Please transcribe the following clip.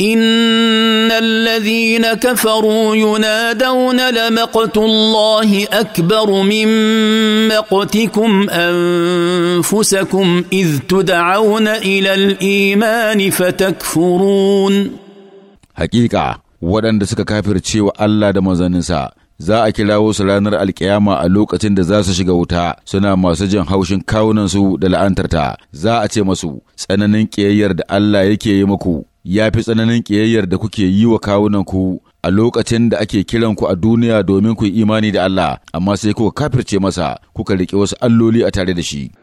ان الذين كفروا ينادون لمقت الله اكبر من مقتكم انفسكم اذ تدعون الى الايمان فتكفرون حقيقه waɗanda suka kafirce wa Allah da manzanninsa za a kirawo su ranar alkiyama a lokacin da za su shiga wuta suna masu jin haushin kawunansu da la'antarta za a ce masu tsananin ƙiyayyar da Allah yake yi muku ya fi tsananin ƙiyayyar da kuke yi wa kawunanku a lokacin da ake kiranku a duniya domin ku yi imani da Allah, amma sai kuka kafirce masa, kuka riƙe wasu alloli a tare da shi.